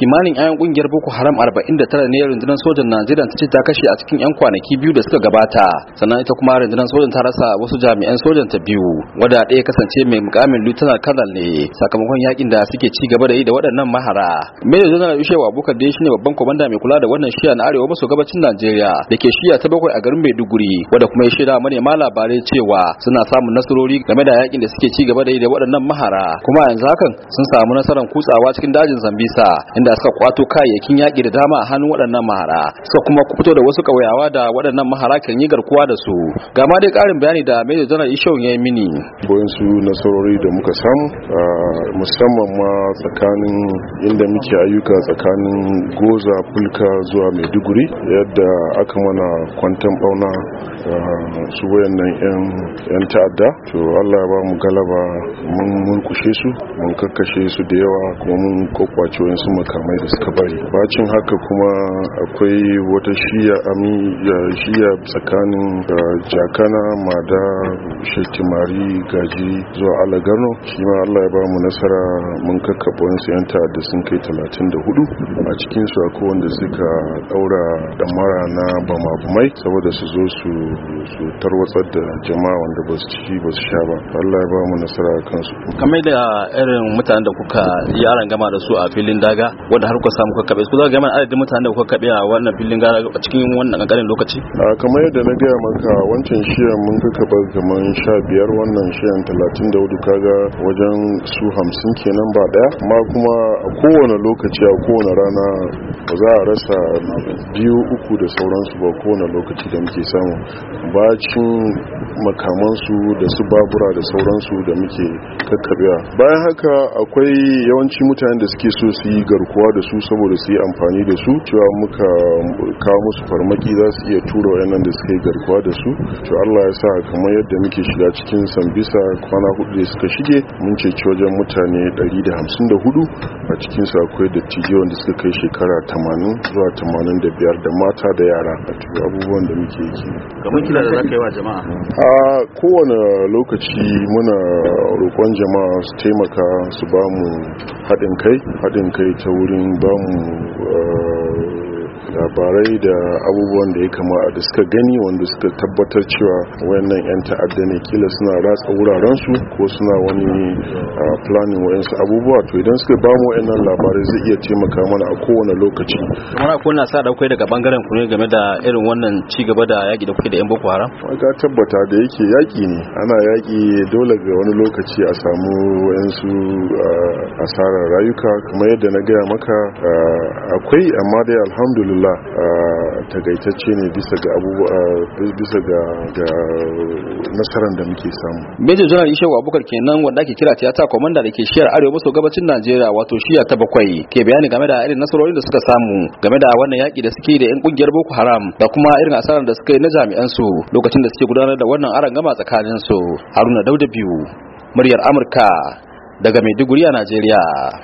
kimanin 'ya'yan kungiyar boko haram 49 ne rundunar sojan najeriya ta ce ta kashe a cikin 'yan kwanaki biyu da suka gabata sannan ita kuma rundunar sojan ta rasa wasu jami'an sojan ta biyu wadda ɗaya kasance mai mukamin lieutenant colonel ne sakamakon yakin da suke ci gaba da yi da waɗannan mahara major general yushewa abubakar dai shine babban kwamanda mai kula da wannan shiya na arewa maso gabacin najeriya da ke shiya ta bakwai a garin maiduguri wadda kuma ya shaida manema labarai cewa suna samun nasarori game da yakin da suke ci gaba da yi da waɗannan mahara kuma yanzu hakan sun samu nasarar kutsawa cikin dajin zambisa inda da suka kwato kayayyakin yaƙi da dama a hannun waɗannan mahara suka kuma fito da wasu ƙauyawa da waɗannan mahara kan yi garkuwa da su gama dai ƙarin bayani da Major General Ishau ya yi mini su nasarori da muka samu musamman ma tsakanin inda muke ayyuka tsakanin goza fulka zuwa maiduguri yadda aka mana kwantan bauna su wayannan yan ta'adda to allah ba mu galaba mun kushe su mun kakkashe su da yawa kuma mun kokwace wayansu maka makamai da suka bari bacin haka kuma akwai wata shiya ami shiya tsakanin jakana mada shetimari gaji zuwa alagano shi ma allah ya ba mu nasara mun kakkaɓo wasu yan da sun kai 34 a cikin su akwai wanda suka daura damara na bamabumai saboda su zo su su tarwatsar da jama'a wanda ba su ciki ba su sha ba allah ya ba mu nasara kansu kamar irin mutanen da kuka yaran gama da su a filin daga wanda har kuka samu kakkabe ku za ga mana adadin mutanen da kuka kabe a wannan filin gara a cikin wannan kankanin lokaci kamar yadda na gaya maka wancan shiyan mun kakkaba kamar sha biyar wannan shiyan talatin da hudu kaga wajen su hamsin kenan ba daya amma kuma a kowane lokaci a kowane rana ba za a rasa biyu uku da sauransu ba kowane lokaci da muke samu bacin makamansu da su babura da sauransu da muke kakkabewa bayan haka akwai yawanci mutanen da suke so su yi garkuwa rabuwa da su saboda su yi amfani da su cewa muka kawo musu farmaki za su iya tura wayannan da suka yi garkuwa da su to Allah ya sa kamar yadda muke shiga cikin sambisa kwana hudu da suka shige mun ceci wajen mutane 154 a cikin su akwai tije wanda suka kai shekara 80 zuwa 85 da mata da yara a abubuwan da muke yi kamar kila da za ka yi wa jama'a a kowane lokaci muna roƙon jama'a su taimaka su ba haɗin kai haɗin kai ta wurin ba uh, mu labarai da abubuwan da ya kama da suka gani wanda suka tabbatar cewa wayannan 'yan ta'adda ne kila suna ratsa wurarensu ko suna wani planning wayansu abubuwa to idan suka ba mu wayannan labarai zai iya taimaka mana a kowane lokaci kamar akwai na sa da kai daga bangaren ku ne game da irin wannan ci gaba da yaki da kuke da 'yan boko haram ka tabbata da yake yaki ne ana yaki dole ga wani lokaci a samu wayansu asarar rayuka kamar yadda na gaya maka akwai amma dai alhamdulillah Allah gaitacce uh, ne bisa ga uh, nasarar da muke samu Major General Abubakar kenan wanda ake kira tiyata komanda da ke shiyar Arewa maso gabacin Najeriya wato shiya ta bakwai ke bayani game da irin nasarorin da suka samu game da wannan yaki da suke da yan kungiyar Boko Haram da kuma irin asarar da suka yi na jami'an su lokacin da suke gudanar da wannan arangama tsakanin su Haruna Dauda biyu muryar Amurka daga Maiduguri a Najeriya